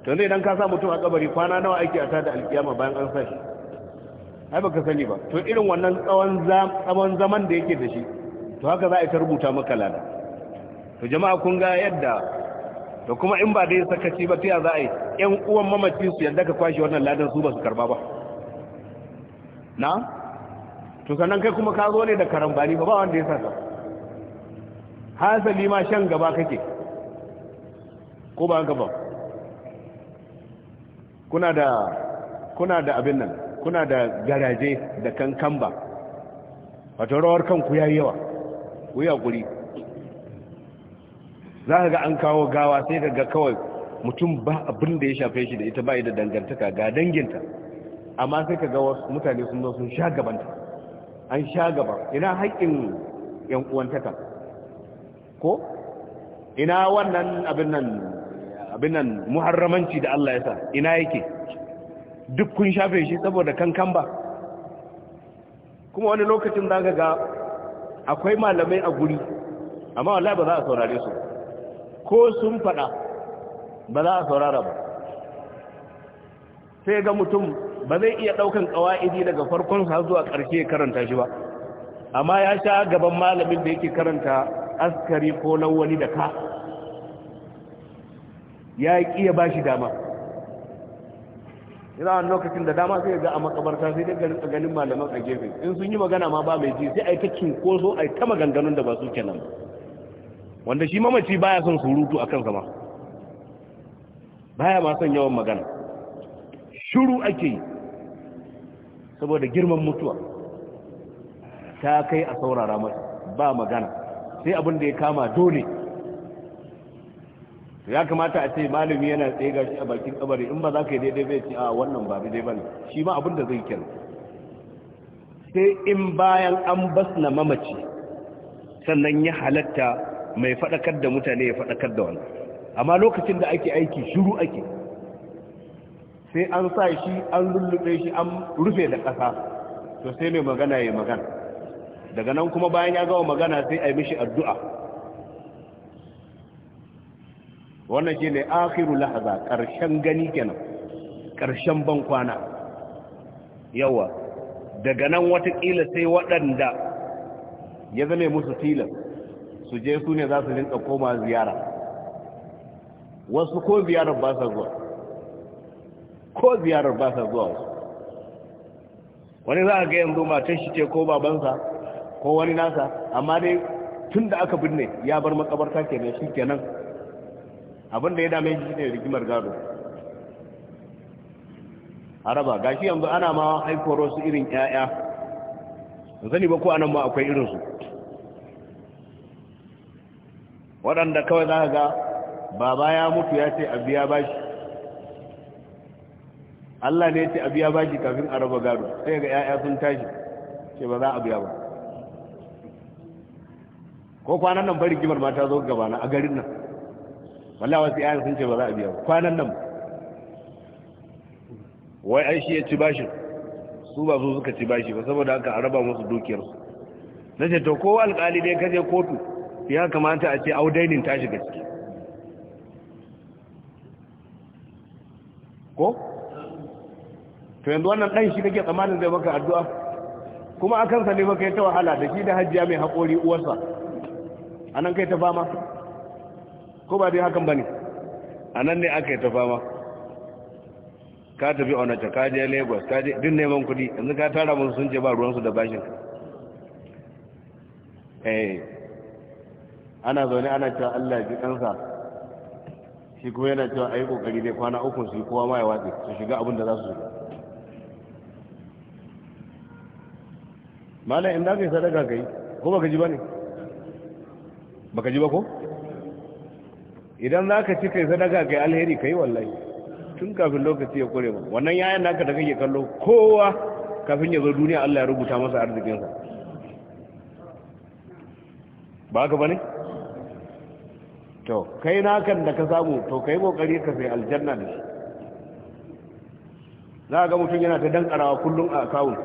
to zai idan ka sa mutum a kabari kwana nawa ake a tada alkiyama bayan an sa shi ba ka sani ba to irin wannan tsawon zaman da yake da shi to haka za a ta rubuta maka lada to jama'a kun ga yadda to kuma in ba dai sakaci ba tiya za a yi yan uwan mamaci su yadda ka kwashe wannan ladan su ba su karba ba na to sannan kai kuma ka zo ne da karambani ba ba wanda ya saka hasali ma shan gaba kake ko ba gaba kuna da kuna da abin nan kuna da garaje da kankamba wato rawar kanku yayi yawa Wuya yi haƙuri za ka ga an kawo gawa sai ka ga kawai mutum ba abin da ya shafe shi da ita ba da dangantaka ga danginta amma sai ka ga mutane sun sun sha gabanta an sha gaba ina haƙƙin yan ko ina wannan abin abin nan muharramanci da Allah ya sa ina yake duk kun shafe shi saboda kankan ba kuma wani lokacin za ga akwai malamai a guri amma wallahi ba za a saurare su ko sun faɗa ba za a saurara ba sai ga mutum ba zai iya ɗaukan ƙawa'idi daga farkon har zuwa ƙarshe karanta shi ba amma ya sha gaban malamin da yake karanta askari ko lawali da ka ya ƙiya ba shi dama ina a lokacin da dama sai ga a makabarta sai dai garin ganin malaman a gefe in sun yi magana ma ba mai ji sai ai ta cinkoso ai ta maganganun da ba su kenan wanda shi mamaci baya son surutu akan sama baya ma son yawan magana shiru ake yi saboda girman mutuwa ta kai a saurara masa ba magana sai abin da ya kama dole ya kamata a ce malami yana tsaye ga shi a bakin kabari in ba za ka yi daidai bai ce a wannan ba daidai bane shi ma abin da zai kyan sai in bayan an basna mamaci sannan ya halatta mai fadakar da mutane ya fadakar da wani amma lokacin da ake aiki shiru ake sai an sa shi an lullube shi an rufe da kasa to sai mai magana ya magana daga nan kuma bayan ya gawa magana sai a yi mishi addu'a wannan shi ne akhiru lahza karshen gani kenan karshen ban kwana yawa daga nan watakila sai waɗanda ya zame musu tilas su je su ne za su rinka koma ziyara wasu ko ziyarar ba sa zuwa ko ziyarar ba sa zuwa wasu wani za a ga yanzu matan shi ce ko babansa ko wani nasa amma dai tun da aka binne ya bar makabarta kenan shi kenan Abinda ya dame shi ne rigimar gado araba gashi yanzu ana ma aikowar su irin 'ya'ya zani ba ko anan ma akwai irinsu waɗanda kawai za ga baba ya mutu ya ce a biya shi. Allah ne ya ce a biya bashi kafin a raba gado sai ga 'ya'ya sun tashi ce ba za a biya ba ko kwanan nan bari gimar mata zo gabana a garin nan wallawa sai iyayen sun ce ba za a biya ba kwanan nan wai ai shi ya ci bashin su ba su suka ci bashi ba saboda haka a raba musu dukiyarsu na ce to ko alkali dai kaje kotu ya kamata a ce audainin ta shiga ciki ko to yanzu wannan ɗan shi kake tsammanin zai maka addu'a kuma a kansa ne maka ya ta wahala da shi da hajjiya mai haƙori uwarsa a nan kai ta fama ko ba dai hakan ba ne a nan ne aka yi ta fama ka tafi onacha ka je lagos ka je din neman kudi yanzu ka tara musu sun ce ba ruwansu da bashin eh ana zaune ana cewa allah ya ji kansa shi kuma yana cewa a yi kokari dai kwana uku su yi kowa ma ya watsi su shiga abin da za su shiga malam inda kai sadaka kai, ko baka ji ba ne baka ji ba ko idan za ka ci kai sadaka kai alheri kai wallahi tun kafin lokaci ya kure ba wannan yayan naka da kake kallo kowa kafin ya zo duniya Allah ya rubuta masa arzikinsa ba ka bane to kai nakan da ka samu to kai kokari ka sai aljanna da shi za ga mutum yana ta dankarawa kullum a akawun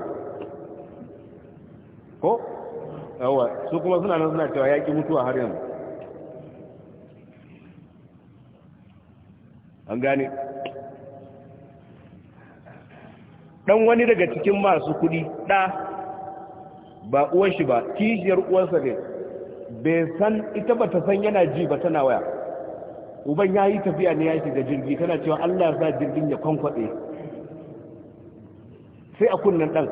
ko yawa su kuma suna nan suna cewa yaƙi mutuwa har yanzu an gane dan wani daga cikin masu kudi ɗa ba uwan shi ba kishiyar uwansa ne bai san ita ba ta san yana ji ba tana waya uban ya yi tafiya ne ya shiga jirgi tana cewa allah sa jirgin ya kwankwaɗe sai a kunnen ɗan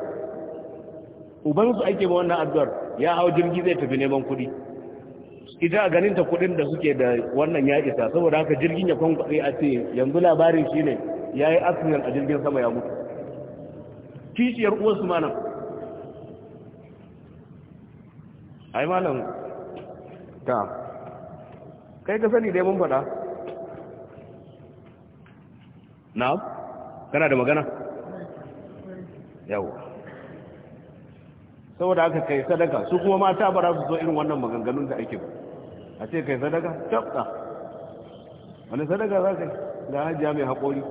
ubansu ake ma wannan addu'ar ya hau jirgi zai tafi neman kuɗi ita a ganinta kudin da suke da wannan ya isa saboda haka jirgin ya kwaɗe a ce yanzu labarin shi ne ya yi asirin a jirgin sama ya mutu kishiyar uwarsu malam ai malam ta kai ka sani dai mun faɗa na kana da magana Yau. saboda haka kai sadaka su kuma mata ba za su zo irin wannan maganganun da ake ba a ce kai sadaka tabta wani sadaka za ka yi da hajiya mai haƙori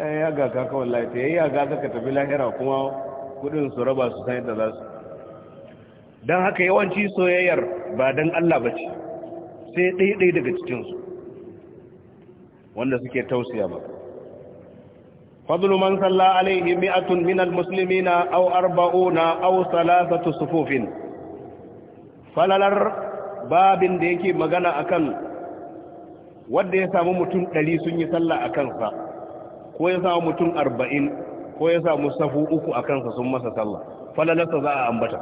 eh, ya ga ka kawai lafiya ya ga ka tafi lahira kuma kudin su raba su san yadda za su don haka yawanci soyayyar ba don Allah ba ce sai ɗaiɗai daga cikinsu wanda suke tausiya ba fadlu man salla alaihi mi'atun minal muslimina aw arba'una aw salasatu sufufin falalar babin da yake magana akan wanda ya samu mutum ɗari sun yi sallah a kansa ko ya samu mutum arba'in ko ya samu safu uku a kansa sun masa sallah falalarsa za a ambata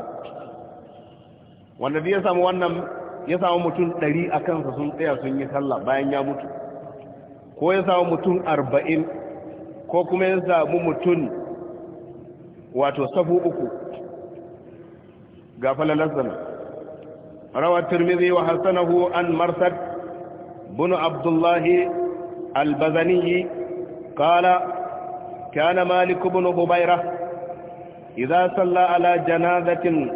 wanda ya samu wannan ya samu mutum ɗari a kansa sun tsaya sun yi sallah bayan ya mutu ko ya samu mutum arba'in ko kuma ya samu mutum wato safu uku ga falalarsa na روى الترمذي وحسنه عن مرثد بن عبد الله البزني قال كان مالك بن هبيرة إذا صلى على جنازة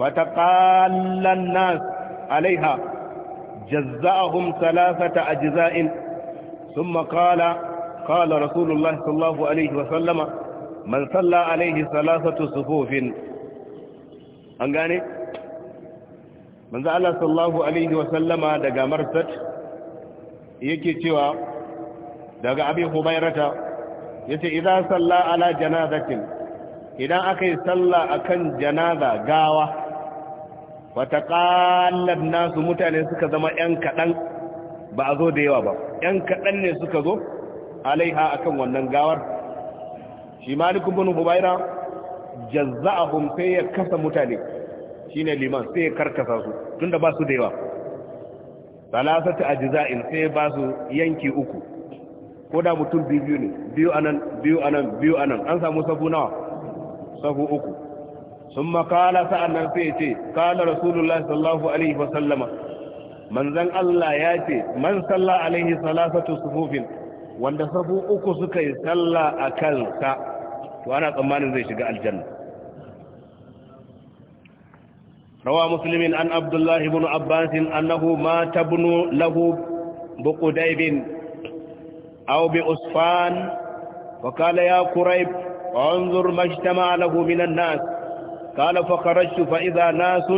فتقال الناس عليها جزأهم ثلاثة أجزاء ثم قال قال رسول الله صلى الله عليه وسلم من صلى عليه ثلاثة صفوف an gane manzo Allah sallallahu alaihi wa sallama daga marsat yake cewa daga abi hubairata yace idan salla ala janazatin idan akai salla akan janaza gawa fataqallan nasu mutane suka zama yan kadan ba a zo da yawa ba yan kadan ne suka zo alaiha akan wannan gawar shi malik ibn hubaira jazza'ahum sai ya kasa mutane shine liman sai karkasa su tunda ba su da yawa salasatu ajza'in sai ba su yanki uku ko da mutum biyu biyu ne biyu anan biyu anan biyu anan an samu safu nawa safu uku sun makala sa'annan sai ce kala rasulullah sallallahu alaihi wa sallama manzan Allah ya ce man salla alaihi salasatu sufufin wanda safu uku suka yi salla a kansa to ana tsammanin zai shiga aljanna روى مسلم عن عبد الله بن عباس أنه مات ابن له بقديب أو بأسفان وقال يا قريب انظر ما اجتمع له من الناس قال فخرجت فإذا ناس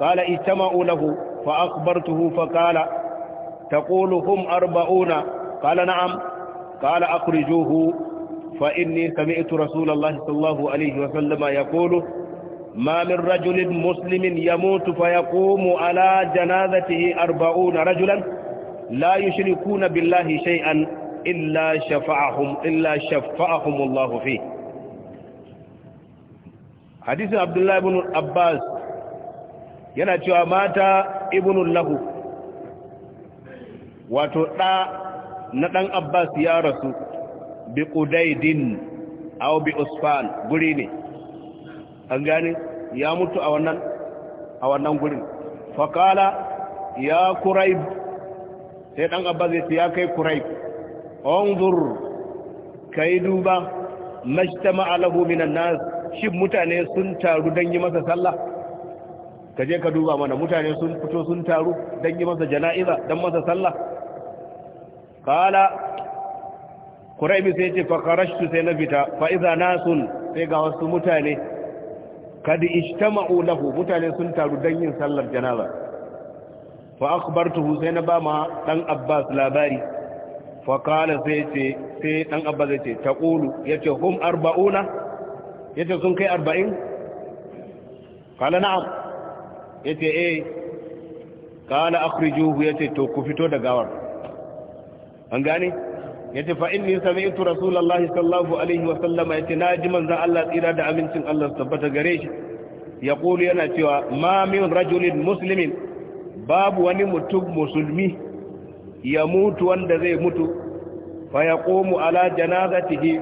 قال اجتمعوا له فأخبرته فقال تقول هم أربعون قال نعم قال أخرجوه فإني سمعت رسول الله صلى الله عليه وسلم يقول ما من رجل مسلم يموت فيقوم على جنازته أربعون رجلا لا يشركون بالله شيئا إلا شفعهم إلا شفعهم الله فيه حديث عبد الله بن عباس yana cewa mata ibnun lahu wato ɗa na ɗan abbas ya rasu bi ƙudaidin au bi usfan guri ne an gane ya mutu a wannan a wannan gurin faƙala ya kuraib sai ɗan abba zai ya kai kuraib onzur ka yi duba mashtama alahu minan nas shi mutane sun taru don yi masa sallah ka je ka duba mana mutane sun fito sun taru don yi masa jana'iza don masa sallah kala kuraibi sai ce fakarashtu sai na fita fa'iza nasun sai ga wasu mutane kada ijtama'u lahu mutane sun taru dan yin sallar janaba fa akhbartuhu sai na ba ma dan abbas labari fa kala sai ce sai dan abbas ya ce taqulu yace hum arba'una yace sun kai 40 kala na'am yace eh kala akhrijuhu yace to ku fito da gawar an gane yace fa inni sami'tu rasulullahi sallallahu alaihi wa sallama yace naji manzon Allah tsira da amincin Allah tabbata gare shi yaqulu yana cewa ma min rajulin muslimin babu wani mutum musulmi ya mutu wanda zai mutu fa yaqumu ala janazatihi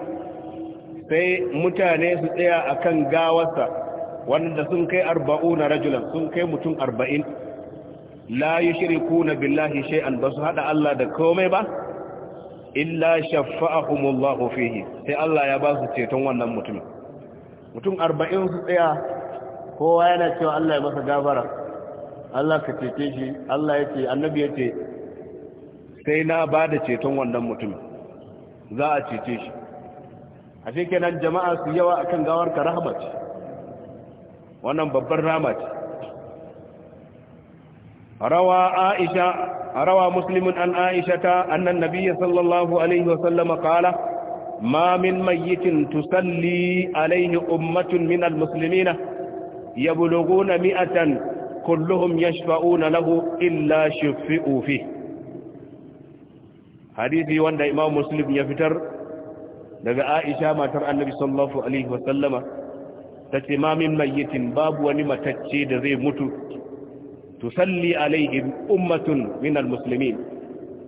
sai mutane su tsaya akan gawarsa wanda sun kai 40 rajulan sun kai mutum 40 la yushrikuna billahi shay'an basu hada Allah da komai ba illa shaffa'ahumullahu fihi sai Allah ya ba su ceton wannan mutum mutum 40 su tsaya kowa yana cewa Allah ya masa gabara Allah ka cece shi Allah ya annabi yace sai na ba da ceton wannan mutum za a cece shi a kenan jama'a su yawa akan gawar ka rahmat wannan babbar rahmat روى عائشة روى مسلم عن عائشة أن النبي صلى الله عليه وسلم قال ما من ميت تصلي عليه أمة من المسلمين يبلغون مئة كلهم يشفعون له إلا شفئوا فيه حديثي وان إمام مسلم يفتر لقى عائشة ما ترى النبي صلى الله عليه وسلم تتمام ميت باب ونمتتشيد ذي متو tusalli alaihim ummatun min almuslimin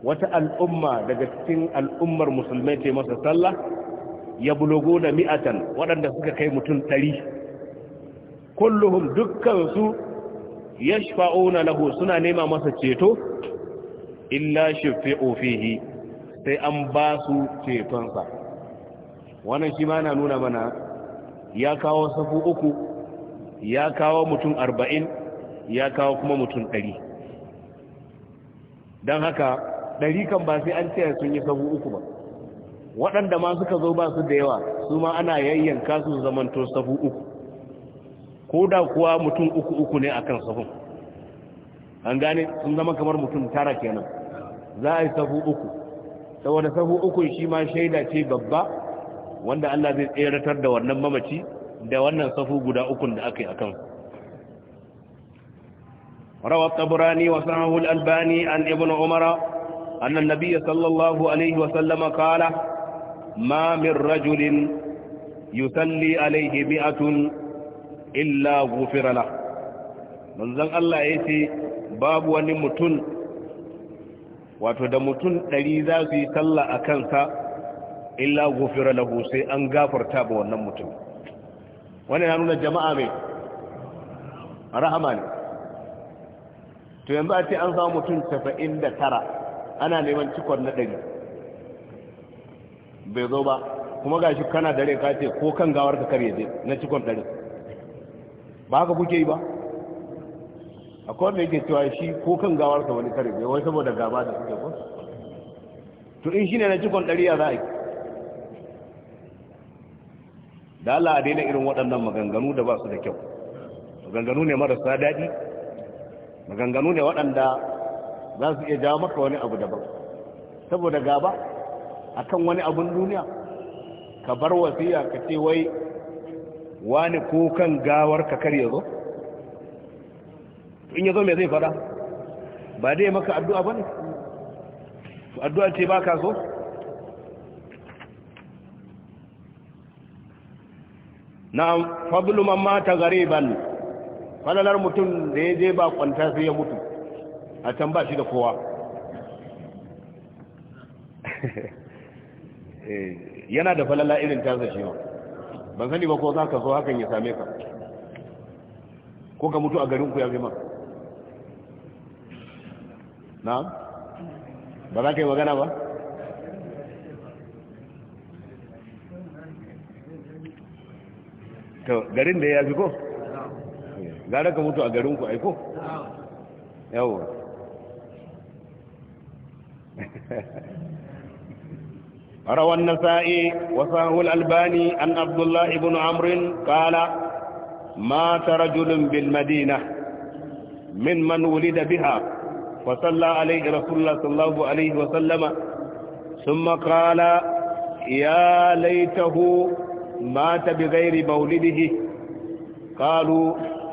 wata al'umma daga cikin al'ummar musulmai ce masa sallah ya bulogo da mi'atan waɗanda suka kai mutum ɗari kulluhum dukkansu ya shafa'una lahu suna nema masa ceto illa shafi'u fihi sai an ba su cetonsa wannan shi ma na nuna mana ya kawo safu uku ya kawo mutum arba'in ya kawo kuma mutum ɗari don haka ɗari kan ba sai an ce sun yi sabu uku ba waɗanda ma suka zo ba su da yawa su ma ana yayyanka su zamanto sabu uku ko da kuwa mutum uku uku ne akan sabu an gane sun zama kamar mutum tara kenan za a yi sabu uku saboda sabu uku shi ma shaida ce babba wanda Allah zai tseratar da wannan mamaci da wannan safu guda ukun da aka yi kansu روى الطبراني وسعه الألباني عن ابن عمر أن النبي صلى الله عليه وسلم قال ما من رجل يسلي عليه مئة إلا غفر له من ذن الله يتي باب ونمتن wato da mutum ɗari za su yi sallah a kansa illa gofira lahu sai an gafarta ba wannan mutum wani na nuna jama'a mai rahama ne to yanzu a ce an samu mutum tafa'in da tara ana neman cikon na ɗari bai zo ba kuma ga shi kana dare ka ce ko kan gawar ka karye je na cikon ɗari ba haka kuke yi ba akwai wanda yake cewa shi ko kan gawar ka wani kare bai wai saboda gaba da suke ko to in shine na cikon ɗari ya za a yi da Allah a daina irin waɗannan maganganu da ba su da kyau maganganu ne marasa daɗi maganganu ne waɗanda za su iya jawo maka wani abu daban saboda gaba akan wani abun duniya ka bar wasiya ka ce wai wani kukan gawar ka kar ya zo in ya zo mai zai fada ba dai maka addu'a ba ne addu'a ce ba ka so na fablu mamma ta gariban falalar mutum da ya je ba kwanta sai ya mutu a can ba shi da kowa eh, yana da falala irin tasa shi ba, ban sani ba ko za ka so hakan ya same ka ko ka mutu a garinku ya fi ma na ba za ka yi magana ba to garin da ya fi ko gara ka mutu a garinku aiko? yawo rawan nasa'i wasu hul albani an abdullah ibn amrin kala mata rajulun bil min man wulida biha wasalla alaihi rasulullah sallallahu alaihi wasallama sun kala ya laitahu mata bi gairi maulidihi kalu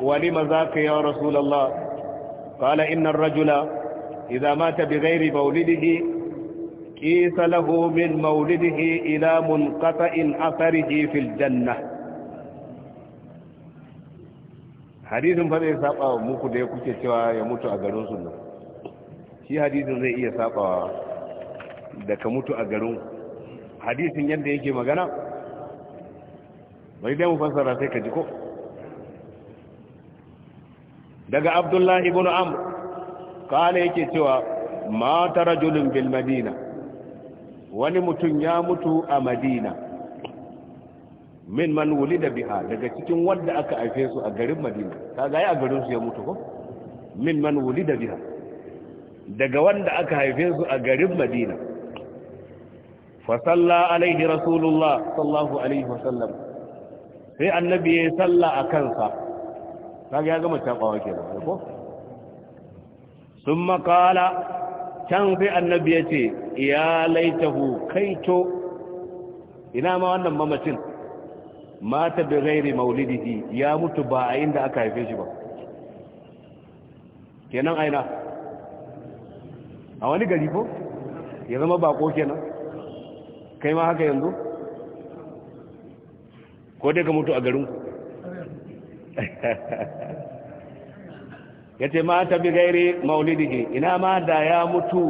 ولم ذاك يا رسول الله قال إن الرجل إذا مات بغير مولده كيس له من مولده إلى منقطع أثره في الجنة hadisin fa zai saba wa muku da ya kuke cewa ya mutu a garin sunan shi hadisin zai iya saba da mutu a garin hadisin yadda yake magana bai dai mu fassara sai ka ji ko daga abdullahi ibn amr kala yake cewa mata rajulun bil madina wani mutum ya mutu a madina min man wulida biha daga cikin wanda aka haife su a garin madina kaga ya a garin su ya mutu ko min man wulida biha daga wanda aka haife su a garin madina fa salla alaihi rasulullah sallallahu alaihi wasallam sai annabi ya salla a kansa kaga ya gama ke kenan ko summa qala can sai annabi yace ya laitahu kaito ina ma wannan mamacin mata bi ghairi maulidihi ya mutu ba a inda aka haife shi ba kenan aina a wani gari ko ya zama bako kenan kai ma haka yanzu ko dai ka mutu a garinku ya ce ma ta bi gairi maulidihi ina ma da ya mutu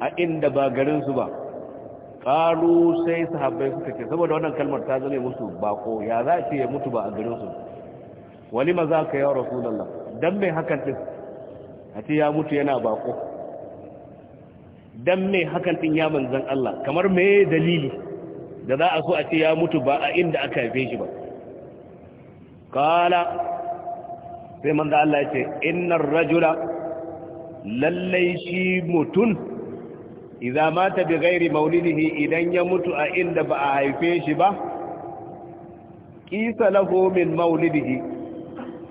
a inda ba garinsu ba ƙaru sai sahabbai suka ce saboda wannan kalmar ta zane musu bako ya za ce ya mutu ba a garinsu wani ma za ka yi rasulallah don mai hakan ɗin a ce ya mutu yana bako don mai hakan ɗin ya manzan Allah kamar mai dalili da za a so a ce ya mutu ba a inda aka haife shi ba kala sai manzo Allah ya ce innar rajula lallai shi mutum idza mata bi gairi maulidihi idan ya mutu a inda ba a haife shi ba kisa lahu min maulidihi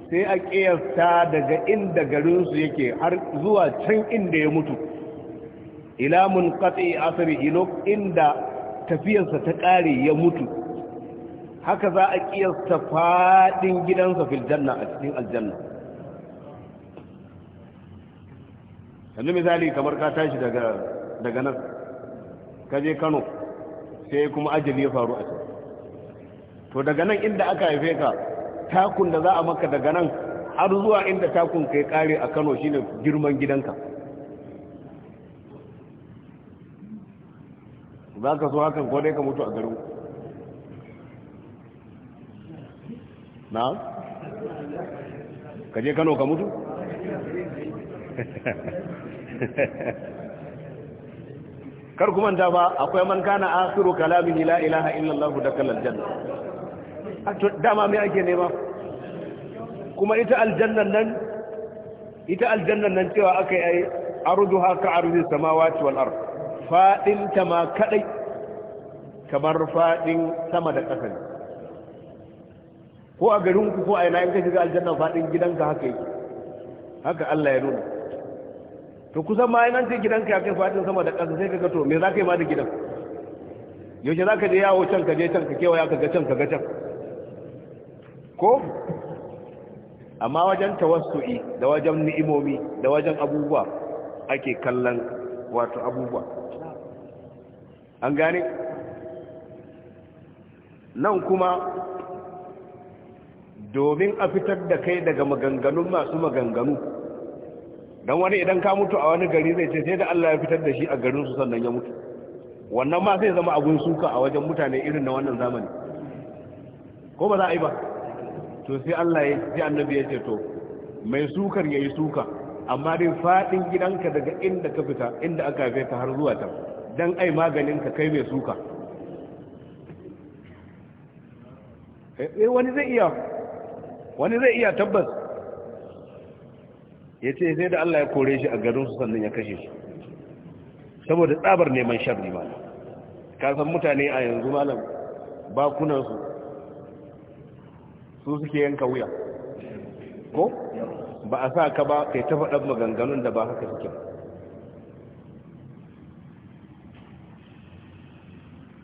sai a kiyasta daga inda garinsu yake har zuwa can inda ya mutu ila katse asrihi ino inda tafiyarsa ta kare ya mutu haka za a kiyasta fadin gidansa fil janna a cikin aljanna yanzu misali kamar ka tashi daga daga nan ka je Kano sai kuma ajali ya faru a can to daga nan inda aka haife ka takun da za a maka daga nan har zuwa inda takun kai kare a Kano shine girman gidanka za ka so hakan ko dai ka mutu a garin na ka je kano ka mutu kar kuma da ba akwai man kana asiru kalamin la ilaha illallah Allah dakala a to dama me ake nema kuma ita aljannan nan ita aljannan nan cewa akai ai arduha ka ardi samawati wal ard fadin ta ma kadai kamar faɗin sama da ƙasar. ko a garin ku ko a ina in ka shiga aljanna faɗin gidanka haka yake haka Allah ya nuna to kusan ma yana ce gidanka ya kai faɗin sama da ƙasa sai ka ga to me za ka yi ma da gidan yaushe za ka je yawo can ka je can ka kewaya ka ga can ka ga can ko amma wajen tawassu'i da wajen ni'imomi da wajen abubuwa ake kallon wato abubuwa an gane nan kuma domin a fitar da kai daga maganganun masu maganganu don wani idan ka mutu a wani gari zai ce sai da Allah ya fitar da shi a garin su sannan ya mutu wannan ma sai zama abun suka a wajen mutane irin na wannan zamani ko ba za a yi ba to sai Allah ya sai annabi ya ce to mai sukar ya yi suka amma dai faɗin gidanka daga inda ka fita inda aka haife ka har zuwa can dan ai maganin ka kai mai suka eh wani zai iya wani zai iya tabbas ya ce sai da Allah ya kore shi a garinsu sannan ya kashe shi saboda tsabar neman sharri limana ka mutane a yanzu malam bakunansu su suke yanka wuya ko ba a sa ka ba kai ta faɗa maganganun da ba haka suke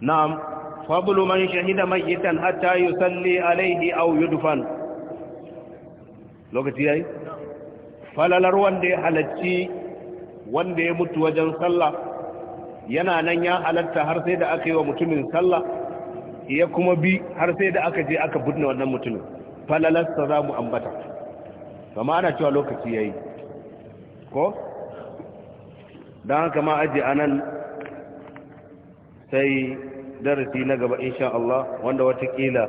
na'am fabulu man shahida mayyitan hatta yusalli alaihi aw yudfan lokaci yayi falalar wanda ya halacci wanda ya mutu wajen sallah yana nan ya halatta har sai da aka yi wa mutumin sallah ya kuma bi har sai da aka je aka budne wannan mutumin falalar sa za mu ambata kama ana cewa lokaci yayi yi ko? don haka ma aji a nan sai darasi na gaba insha Allah wanda watakila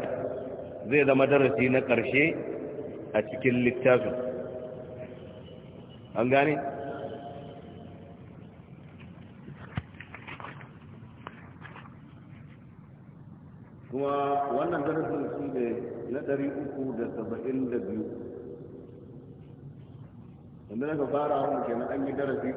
zai zama darasi na ƙarshe a cikin littafin an gane kuma wannan darasin shi ne na 372 wanda na ka fara hannu na an yi darasi